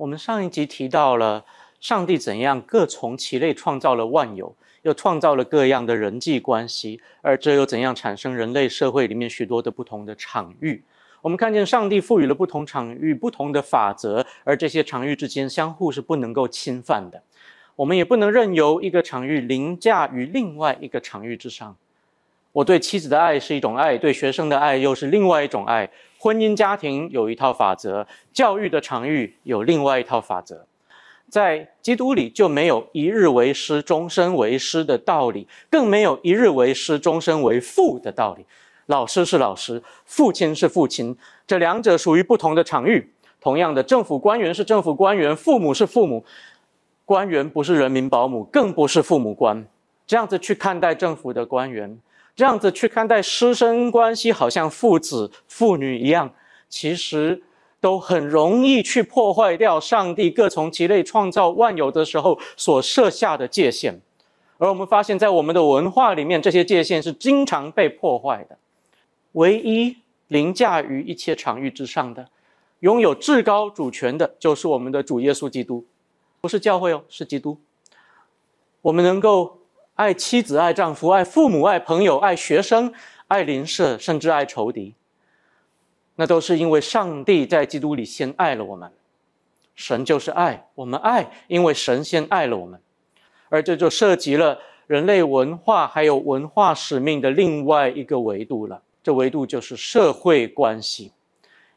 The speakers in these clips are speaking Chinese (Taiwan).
我們上一集提到了上帝怎樣各從其類創造了萬有，又創造了各樣的人際關係，而這又怎樣產生人類社會裡面許多的不同的場域。我們看見上帝賦予了不同場域不同的法則，而這些場域之間相互是不能夠侵犯的，我們也不能任由一個場域凌駕於另外一個場域之上。我對妻子的愛是一種愛，對學生的愛又是另外一種愛。婚姻家庭有一套法則，教育的場域有另外一套法則。在基督裡就沒有一日為師，終身為師的道理，更沒有一日為師，終身為父的道理。老師是老師，父親是父親，這兩者屬於不同的場域。同樣的，政府官員是政府官員，父母是父母，官員不是人民保姆，更不是父母官。這樣子去看待政府的官員。這樣子去看待師生關係，好像父子、父女一樣，其實都很容易去破壞掉上帝各從其類創造萬有的時候所設下的界限。而我們發現，在我們的文化裡面，這些界限是經常被破壞的。唯一凌駕於一切場域之上的、擁有至高主權的，就是我們的主耶穌基督，不是教會哦，是基督。我們能夠。愛妻子，愛丈夫，愛父母，愛朋友，愛學生，愛鄰舍，甚至愛仇敵。那都是因為上帝在基督裡先愛了我們。神就是愛，我們愛，因為神先愛了我們。而這就涉及了人類文化還有文化使命的另外一個維度了。這維度就是社會關係，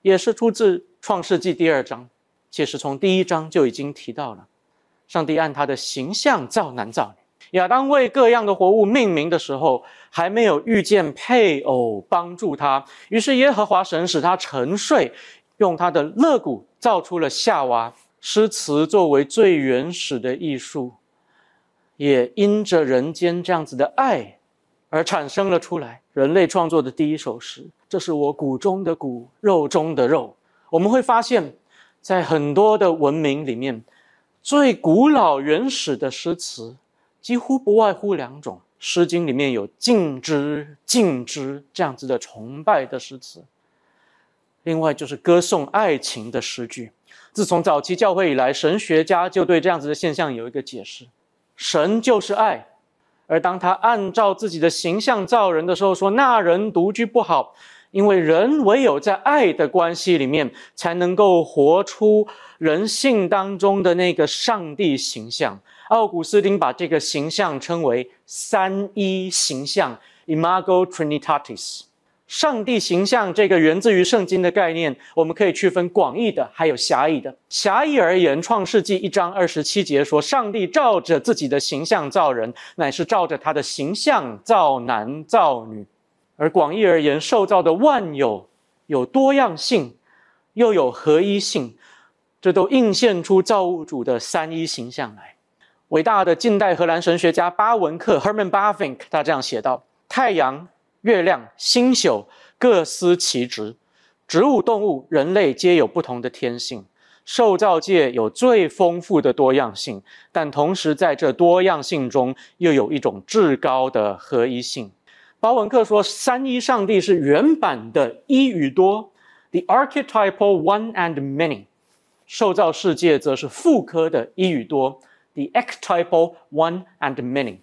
也是出自創世紀第二章。其實從第一章就已經提到了，上帝按他的形象造男造女。亞當為各樣的活物命名的時候，還沒有遇見配偶幫助他，於是耶和華神使他沉睡，用他的肋骨造出了夏娃。詩詞作為最原始的藝術，也因着人間這樣子的愛而產生了出來。人類創作的第一首詩，這是我骨中的骨，肉中的肉。我們會發現在很多的文明裡面，最古老原始的詩詞。幾乎不外乎兩種，《詩經》裡面有敬之、敬之這樣子的崇拜的詩詞。另外就是歌頌愛情的詩句。自從早期教會以來，神學家就對這樣子的現象有一個解釋：神就是愛，而當他按照自己的形象造人的時候，說那人獨居不好，因為人唯有在愛的關係裡面，才能夠活出人性當中的那個上帝形象。奧古斯丁把這個形象稱為“三一形象 ”（Imago Trinitatis），上帝形象這個源自於聖經的概念，我們可以區分廣義的還有狹義的。狹義而言，《創世紀》一章二十七節說：“上帝照着自己的形象造人，乃是照着他的形象造男造女。”而廣義而言，受造的萬有有多樣性，又有合一性，這都映現出造物主的三一形象來。偉大的近代荷蘭神學家巴文克 （Herman b a v i n k 他這樣寫道：“太陽、月亮、星宿各司其職；植物、動物、人類皆有不同的天性。受造界有最豐富的多樣性，但同時在這多樣性中又有一種至高的合一性。”巴文克說：“三一上帝是原版的一與多 （the archetypal one and many）；受造世界則是副科的一與多。” The archetypal one and many，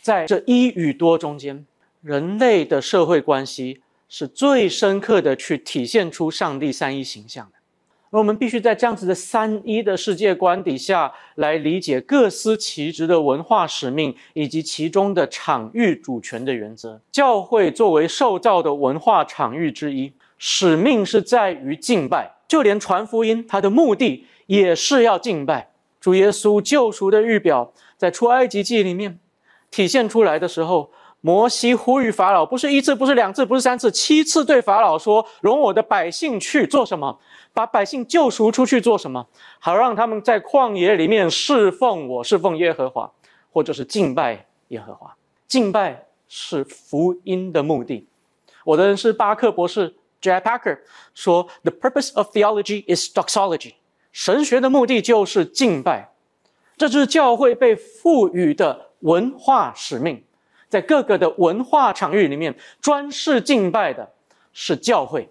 在這一與多中間，人類的社會關係是最深刻的去體現出上帝三一形象的。而我們必須在這樣子的三一的世界觀底下來理解各司其職的文化使命以及其中的場域主權的原則。教會作為受造的文化場域之一，使命是在於敬拜，就連傳福音，它的目的也是要敬拜。主耶穌救贖的預表，在出埃及記裡面體現出來的時候，摩西呼籲法老，不是一次，不是兩次，不是三次，七次對法老說：“容我的百姓去做什麼？把百姓救贖出去做什麼？好讓他們在曠野裡面侍奉我，侍奉耶和華，或者是敬拜耶和華。敬拜是福音的目的。”我的恩師巴克博士，J. I. Packer 說：“The purpose of theology is doxology 神學的目的就是敬拜，這是教會被賦予的文化使命，在各個的文化場域裡面，專事敬拜的是教會。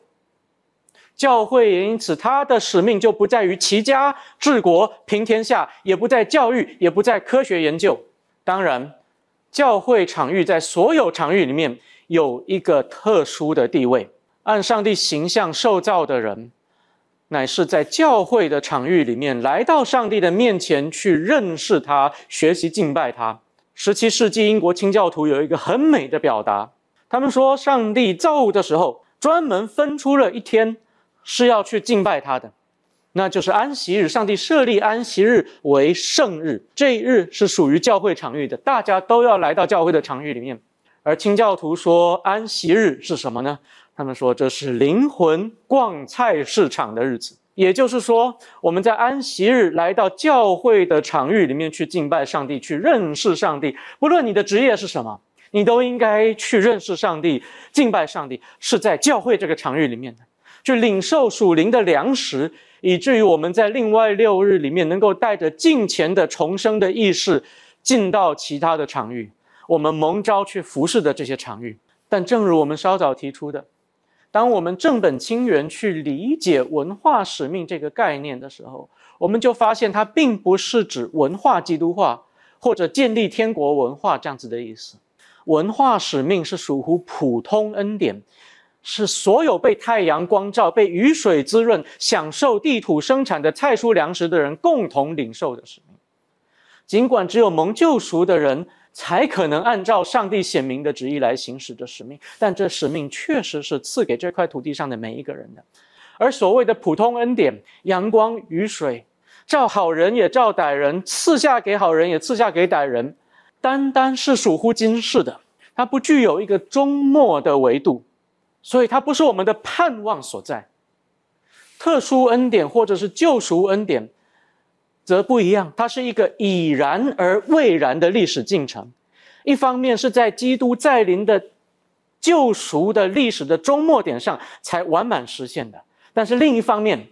教會也因此，它的使命就不在於齊家、治國、平天下，也不在教育，也不在科學研究。當然，教會場域在所有場域裡面有一個特殊的地位，按上帝形象受造的人。乃是在教會的場域裡面，來到上帝的面前去認識他，學習敬拜他。十七世紀英國清教徒有一個很美的表達，他們說，上帝造物的時候專門分出了一天，是要去敬拜他的，那就是安息日。上帝設立安息日為聖日，這一日是屬於教會場域的，大家都要來到教會的場域裡面。而清教徒說，安息日是什麼呢？他們說這是靈魂逛菜市場的日子，也就是說，我們在安息日來到教會的場域裡面去敬拜上帝，去認識上帝。不論你的職業是什麼，你都應該去認識上帝、敬拜上帝，是在教會這個場域裡面的，去領受屬靈的糧食，以至於我們在另外六日裡面能夠帶着敬虔的重生的意識，進到其他的場域，我們蒙召去服侍的這些場域。但正如我們稍早提出的。當我們正本清源去理解文化使命這個概念的時候，我們就發現它並不是指文化基督化或者建立天國文化這樣子的意思。文化使命是屬乎普通恩典，是所有被太陽光照、被雨水滋潤、享受地土生產的菜蔬糧食的人共同領受的使命。儘管只有蒙救贖的人，才可能按照上帝顯明的旨意來行使這使命，但這使命確實是賜給這塊土地上的每一個人的。而所謂的普通恩典，陽光、雨水，照好人也照歹人，賜下給好人也賜下給歹人，單單是屬乎今世的，它不具有一個終末的維度，所以它不是我們的盼望所在。特殊恩典或者是救贖恩典，則不一樣，它是一個已然而未然的歷史進程。一方面是在基督再臨的救贖的歷史的終末點上才完滿實現的，但是另一方面，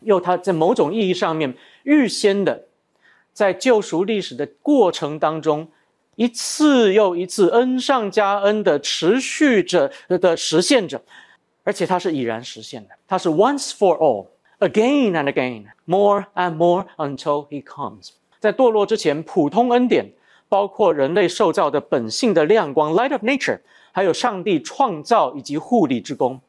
又它在某種意義上面預先的，在救贖歷史的過程當中，一次又一次恩上加恩的持續着的實現着，而且它是已然實現的，它是 once for all。Again and again, more and more until he comes. 在墮落之前，普通恩典包括人類受造的本性的亮光 （light of nature），還有上帝創造以及護理之功。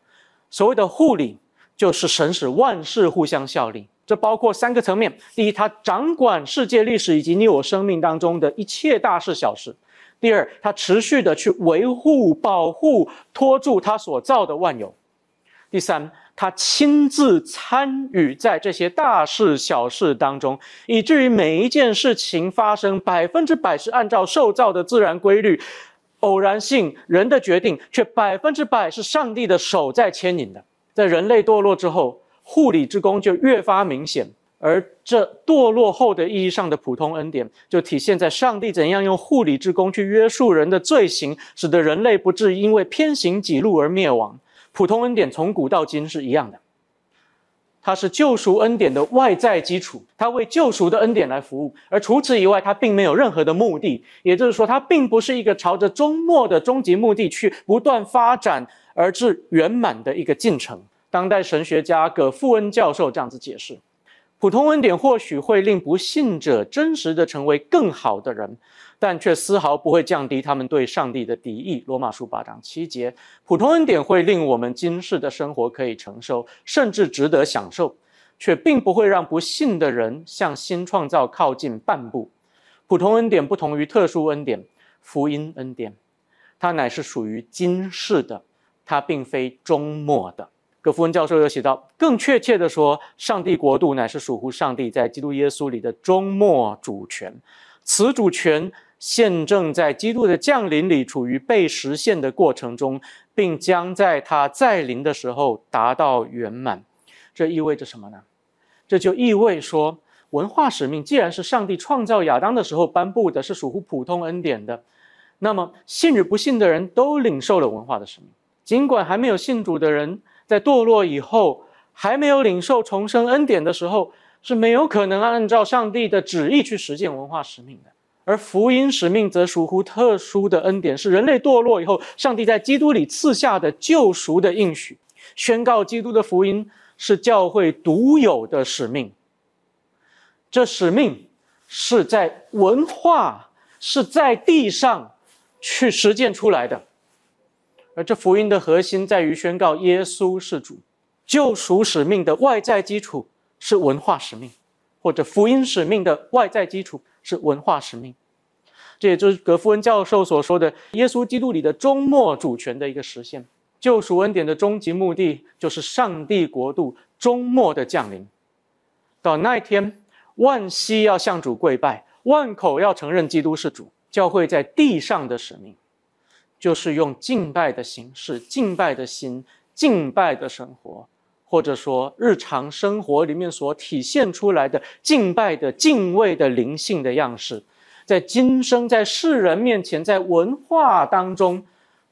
所謂的護理，就是神使萬事互相效力。這包括三個層面：第一，他掌管世界歷史以及你我生命當中的一切大事小事；第二，他持續的去維護、保護、托住他所造的萬有；第三，他親自參與在這些大事小事當中，以至於每一件事情發生，百分之百是按照受造的自然規律、偶然性、人的決定，卻百分之百是上帝的手在牽引的。在人類墮落之後，護理之功就越發明顯，而這墮落後的意義上的普通恩典，就體現在上帝怎樣用護理之功去約束人的罪行，使得人類不至於因為偏行己路而滅亡。普通恩典從古到今是一樣的，它是救贖恩典的外在基礎，它為救贖的恩典來服務，而除此以外，它並沒有任何的目的。也就是說，它並不是一個朝着終末的終極目的去不斷發展而至圓滿的一個進程。當代神學家葛富恩教授這樣子解釋：普通恩典或許會令不信者真實地成為更好的人。但卻絲毫不會降低他們對上帝的敵意。羅馬書八章七節：普通恩典會令我們今世的生活可以承受，甚至值得享受，卻並不會讓不信的人向新創造靠近半步。普通恩典不同於特殊恩典，福音恩典，它乃是屬於今世的，它並非終末的。葛福恩教授又寫道：更確切地說，上帝國度乃是屬乎上帝在基督耶穌裡的終末主權，此主權現正在基督的降臨裡處於被實現的過程中，並將在他再臨的時候達到圓滿。這意味着什麼呢？這就意味着說，文化使命既然是上帝創造亞當的時候頒布的，是屬於普通恩典的，那麼信與不信的人都領受了文化的使命。儘管還沒有信主的人在墮落以後，還沒有領受重生恩典的時候，是沒有可能按照上帝的旨意去實踐文化使命的。而福音使命則屬乎特殊的恩典，是人類墮落以後，上帝在基督裡賜下的救贖的應許，宣告基督的福音是教會獨有的使命。這使命是在文化，是在地上，去實踐出來的。而這福音的核心在於宣告耶穌是主，救贖使命的外在基礎是文化使命，或者福音使命的外在基礎是文化使命。這也就是格夫恩教授所說的耶穌基督裡的終末主權的一個實現。救贖恩典的終極目的就是上帝國度終末的降臨。到那一天，萬膝要向主跪拜，萬口要承認基督是主。教會在地上的使命，就是用敬拜的形式、敬拜的心、敬拜的生活，或者說日常生活裡面所體現出來的敬拜的、敬畏的靈性的樣式。在今生，在世人面前，在文化當中，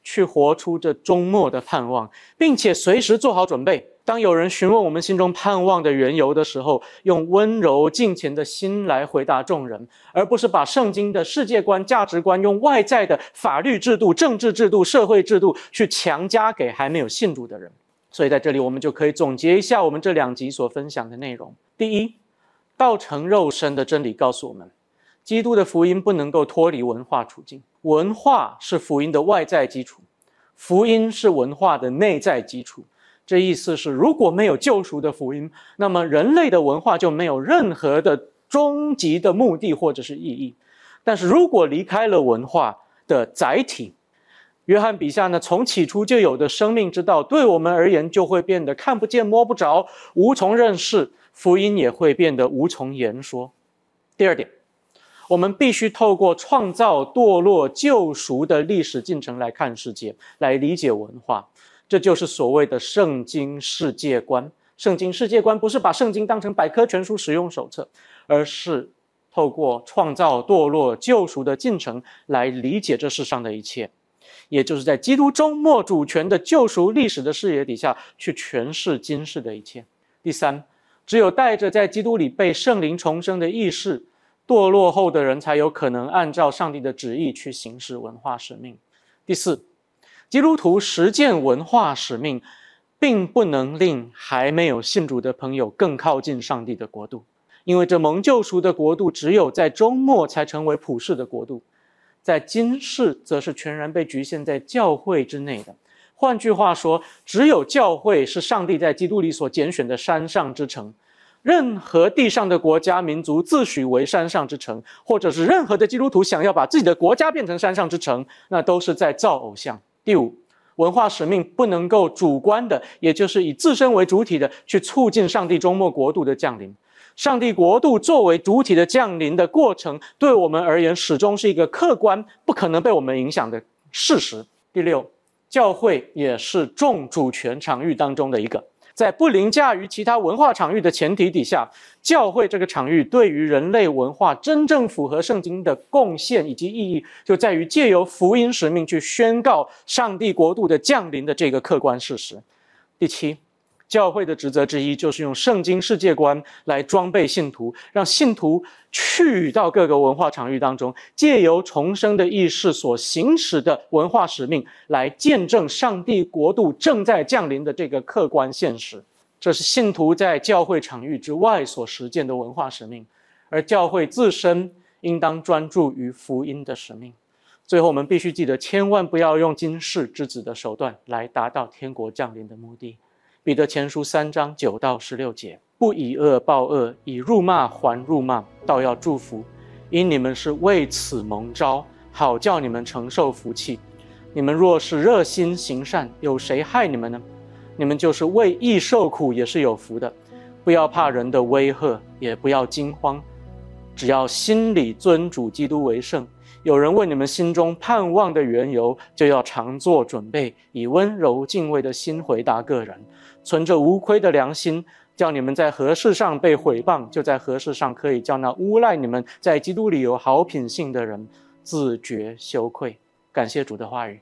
去活出這終末的盼望，並且隨時做好準備。當有人詢問我們心中盼望的緣由的時候，用溫柔敬虔的心來回答眾人，而不是把聖經的世界觀、價值觀用外在的法律制度、政治制度、社會制度去強加給還沒有信主的人。所以，在這裡我們就可以總結一下我們這兩集所分享的內容：第一，道成肉身的真理告訴我們。基督的福音不能夠脫離文化處境，文化是福音的外在基礎，福音是文化的內在基礎。這意思是，如果沒有救贖的福音，那麼人類的文化就沒有任何的終極的目的或者是意義。但是，如果離開了文化的載體，約翰筆下呢，從起初就有的生命之道，對我們而言就會變得看不見、摸不着、無從認識，福音也會變得無從言說。第二點。我們必須透過創造、墮落、救贖的歷史進程來看世界，來理解文化。這就是所謂的聖經世界觀。聖經世界觀不是把聖經當成百科全書使用手冊，而是透過創造、墮落、救贖的進程來理解這世上的一切，也就是在基督終末主權的救贖歷史的視野底下去詮釋今世的一切。第三，只有帶着在基督裡被聖靈重生的意識，墮落後的人才有可能按照上帝的旨意去行使文化使命。第四，基督徒實踐文化使命，並不能令還沒有信主的朋友更靠近上帝的國度，因為這蒙救贖的國度只有在終末，才成為普世的國度，在今世則是全然被局限在教會之內的。換句話說，只有教會是上帝在基督裡所揀選的山上之城。任何地上的國家民族自詡為山上之城，或者是任何的基督徒想要把自己的國家變成山上之城，那都是在造偶像。第五，文化使命不能夠主觀的，也就是以自身為主體的去促進上帝終末國度的降臨。上帝國度作為主體的降臨的過程，對我們而言始終是一個客觀、不可能被我們影響的事實。第六，教會也是眾主權場域當中的一個。在不凌駕於其他文化場域的前提底下，教會這個場域對於人類文化真正符合聖經的貢獻以及意義，就在於借由福音使命去宣告上帝國度的降臨的這個客觀事實。第七。教會的職責之一就是用聖經世界觀來裝備信徒，讓信徒去到各個文化場域當中，借由重生的意志所行使的文化使命，來見證上帝國度正在降臨的這個客觀現實。這是信徒在教會場域之外所實踐的文化使命，而教會自身應當專注於福音的使命。最後，我們必須記得，千萬不要用今世之子的手段來達到天國降臨的目的。彼得前書三章九到十六節：不以惡報惡，以辱罵還辱罵，倒要祝福，因你們是為此蒙召，好叫你們承受福氣。你們若是熱心行善，有誰害你們呢？你們就是為義受苦，也是有福的。不要怕人的威嚇，也不要驚慌。只要心裡尊主基督為聖，有人問你們心中盼望的緣由，就要常作準備，以溫柔敬畏的心回答各人，存着無虧的良心，叫你們在何事上被毀謗，就在何事上可以叫那誣賴你們在基督裡有好品性的人自覺羞愧。感謝主的話語。